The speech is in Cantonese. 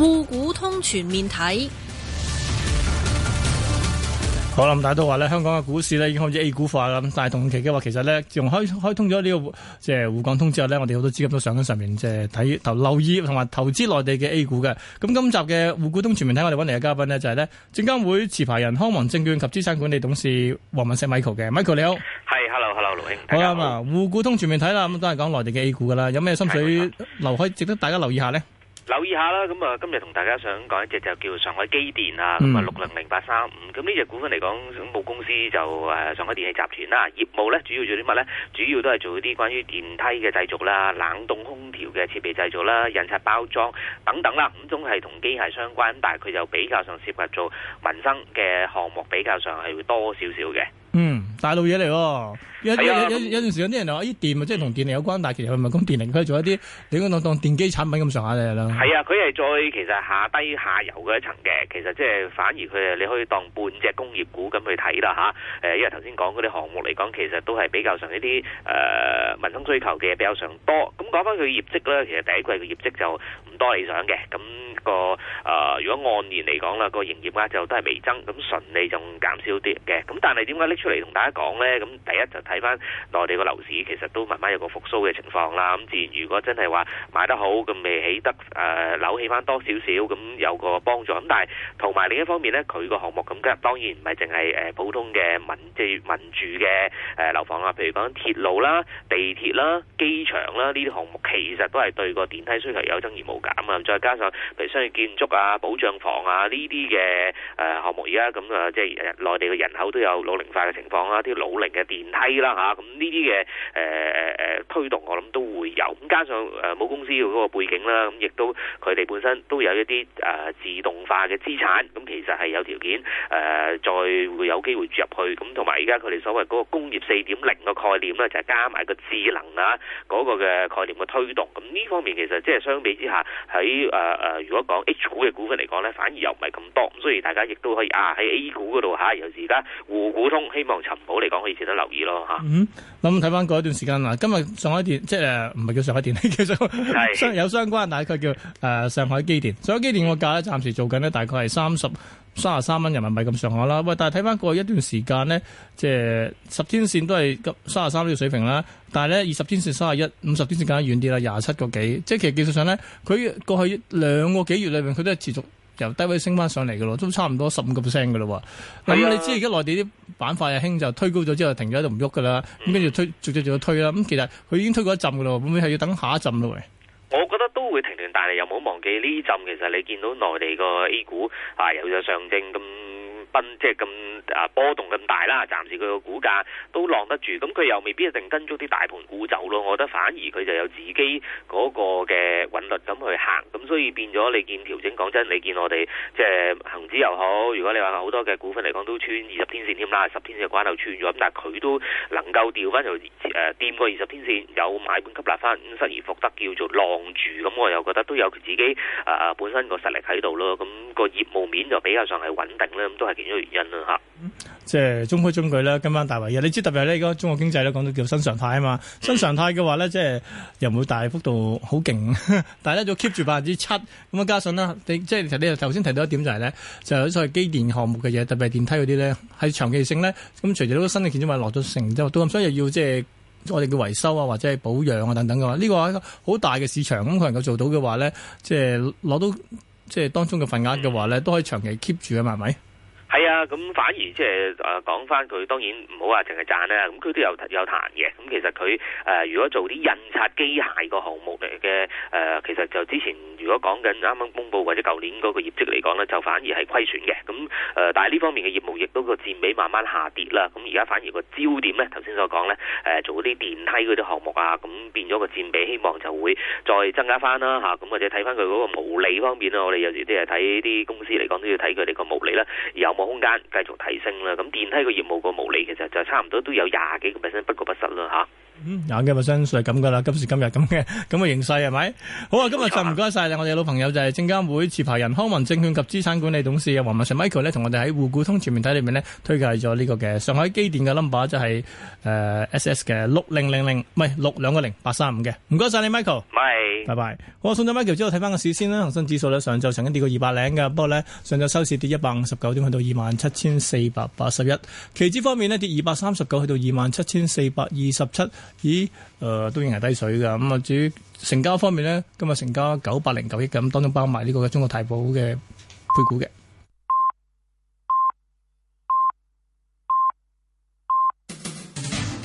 滬股通全面睇，好啦咁大家都話咧，香港嘅股市呢已經開始 A 股化啦。咁但係同期嘅話，其實呢，仲開開通咗呢、這個即係滬港通之後呢，我哋好多資金都上咗上面，即係睇投留意同埋投資內地嘅 A 股嘅。咁今集嘅滬股通全面睇，我哋搵嚟嘅嘉賓呢，就係、是、呢，證監會持牌人康王證券及資產管理董事黃敏碩 Michael 嘅。Michael 你好，係 Hello Hello 盧生，好啊。滬股通全面睇啦，咁都係講內地嘅 A 股噶啦，有咩心水留可的值得大家留意下咧？留意下啦，咁啊，今日同大家想講一隻就叫上海機電啊，咁啊六零零八三五，咁呢隻股份嚟講，母公司就誒上海電器集團啦，業務咧主要做啲乜咧？主要都係做一啲關於電梯嘅製造啦、冷凍空調嘅設備製造啦、印刷包裝等等啦，總係同機械相關，但係佢就比較上涉及做民生嘅項目，比較上係會多少少嘅。嗯，大陸嘢嚟，有有有有陣時有啲人話，依電即係同電力有關，但其實佢唔係咁電力，佢係做一啲你講當當電機產品咁上下嚟啦。係啊，佢係再其實下低下游嘅一層嘅，其實即係反而佢係你可以當半隻工業股咁去睇啦吓，因為頭先講嗰啲項目嚟講，其實都係比較上一啲誒、呃、民生需求嘅比較上多。咁講返佢業績咧，其實第一季嘅業績就唔多理想嘅咁。個呃、如果按年嚟講啦，個營業額就都係微增，咁順利仲減少啲嘅。咁但係點解拎出嚟同大家講呢？咁第一就睇翻內地個樓市其實都慢慢有個復甦嘅情況啦。咁自然如果真係話買得好，咁未起得、呃、樓起翻多少少，咁有個幫助。咁但係同埋另一方面呢，佢個項目咁，當然唔係淨係普通嘅民即民住嘅、呃、樓房啦。譬如講鐵路啦、地鐵啦、機場啦呢啲項目，其實都係對個電梯需求有增而冇減啊！再加上商業建築啊、保障房啊呢啲嘅誒項目。這些的呃而家咁啊，即係內地嘅人口都有老齡化嘅情況啦，啲老齡嘅電梯啦嚇，咁呢啲嘅誒誒誒推動，我諗都會有。咁加上誒母公司嗰個背景啦，咁亦都佢哋本身都有一啲誒、呃、自動化嘅資產，咁其實係有條件誒、呃、再會有機會注入去。咁同埋而家佢哋所謂嗰個工業四點零嘅概念咧，就係、是、加埋個智能啊嗰、那個嘅概念嘅推動。咁呢方面其實即係相比之下喺誒誒，如果講 H 股嘅股份嚟講咧，反而又唔係咁多。所以大家亦都可以。喺 A 股嗰度嚇，尤其是而家滬股通，希望尋寶嚟講，我以前都留意咯嚇。嗯，咁睇翻過一段時間啊，今日上海電即係誒，唔、呃、係叫上海電氣，叫做係有相關，大概叫誒、呃、上海機電。上海機電個價咧，暫時做緊呢，大概係三十三啊三蚊人民幣咁上下啦。喂，但係睇翻過去一段時間呢，即係十天線都係咁三啊三呢個水平啦。但係咧，二十天線三十一，五十天線更加遠啲啦，廿七個幾。即係其實技術上咧，佢過去兩個幾月裏邊，佢都係持續。由低位升翻上嚟嘅咯，都差唔多十五個 percent 嘅咯喎。咁、啊、你知而家內地啲板塊又興，就推高咗之後就停咗喺度唔喐嘅啦。咁跟住推，逐隻逐隻推啦。咁其實佢已經推過一陣嘅咯，會唔會係要等下一陣咯？喂，我覺得都會停停，但係又冇忘記呢一陣其實你見到內地個 A 股係、啊、有咗上證咁。即係咁啊，波動咁大啦，暫時佢個股價都攬得住，咁佢又未必一定跟足啲大盤股走咯。我覺得反而佢就有自己嗰個嘅韻律咁去行，咁所以變咗你見調整，講真，你見我哋即係恆指又好，如果你話好多嘅股份嚟講都穿二十天線添啦，十天線拐頭穿咗，咁但係佢都能夠調翻條誒掂過二十天線，有買盤吸納翻，咁失而復得叫做攬住，咁我又覺得都有佢自己啊本身個實力喺度咯。咁個業務面就比較上係穩定啦。咁都係。原因啦吓，即係、嗯就是、中規中矩啦。今晚大圍啊，你知特別係呢而家中國經濟咧講到叫新常態啊嘛。新常態嘅話咧，即係又唔會大幅度好勁，但係咧就 keep 住百分之七咁啊。加上啦，你即係、就是、你頭先提到一點就係咧，就係所謂機電項目嘅嘢，特別係電梯嗰啲咧，係長期性咧。咁隨住呢個新嘅建築物落咗成之後，到咁所以又要即係、就是、我哋叫維修啊，或者係保養啊等等嘅話，呢、這個好大嘅市場咁，佢能夠做到嘅話咧，即係攞到即係、就是、當中嘅份額嘅話咧，都可以長期 keep 住啊？係咪、嗯？係啊，咁反而即係誒講翻佢，當然唔好話淨係讚啦。咁佢都有有彈嘅。咁其實佢誒、呃、如果做啲印刷機械個項目嚟嘅誒，其實就之前如果講緊啱啱公布或者舊年嗰個業績嚟講咧，就反而係虧損嘅。咁誒、呃，但係呢方面嘅業務亦都個佔比慢慢下跌啦。咁而家反而個焦點咧，頭先所講咧誒，做啲電梯嗰啲項目啊，咁變咗個佔比，希望就會再增加翻啦嚇。咁、啊、或者睇翻佢嗰個毛利方面咯，我哋有時即係睇啲公司嚟講都要睇佢哋個毛利啦，有。空間繼續提升啦，咁電梯個業務個毛利其實就差唔多都有廿幾個 percent，不過不失啦吓！嗯，有嘅，我相信係咁噶啦，今時今日咁嘅咁嘅形勢係咪？嗯、好啊，今日就唔該晒啦，我哋老朋友就係證監會持牌人康文證券及資產管理董事啊，黃敏碩 Michael 呢同我哋喺滬股通全面睇裏面呢推介咗呢個嘅上海機電嘅 number 就係、是、誒、呃、SS 嘅六零零零，唔係六兩個零八三五嘅。唔該晒你，Michael。係，拜拜。好啊，送咗 Michael 之後睇翻個市先啦。恒生指數呢上晝曾經跌過二百零嘅，不過呢，上晝收市跌一百五十九點，去到二萬七千四百八十一。期指方面呢，跌二百三十九，去到二萬七千四百二十七。咦，誒、呃，都仍然係低水噶。咁啊至於成交方面咧，今日成交九百零九億，咁，當中包埋呢個嘅中國太保嘅配股嘅。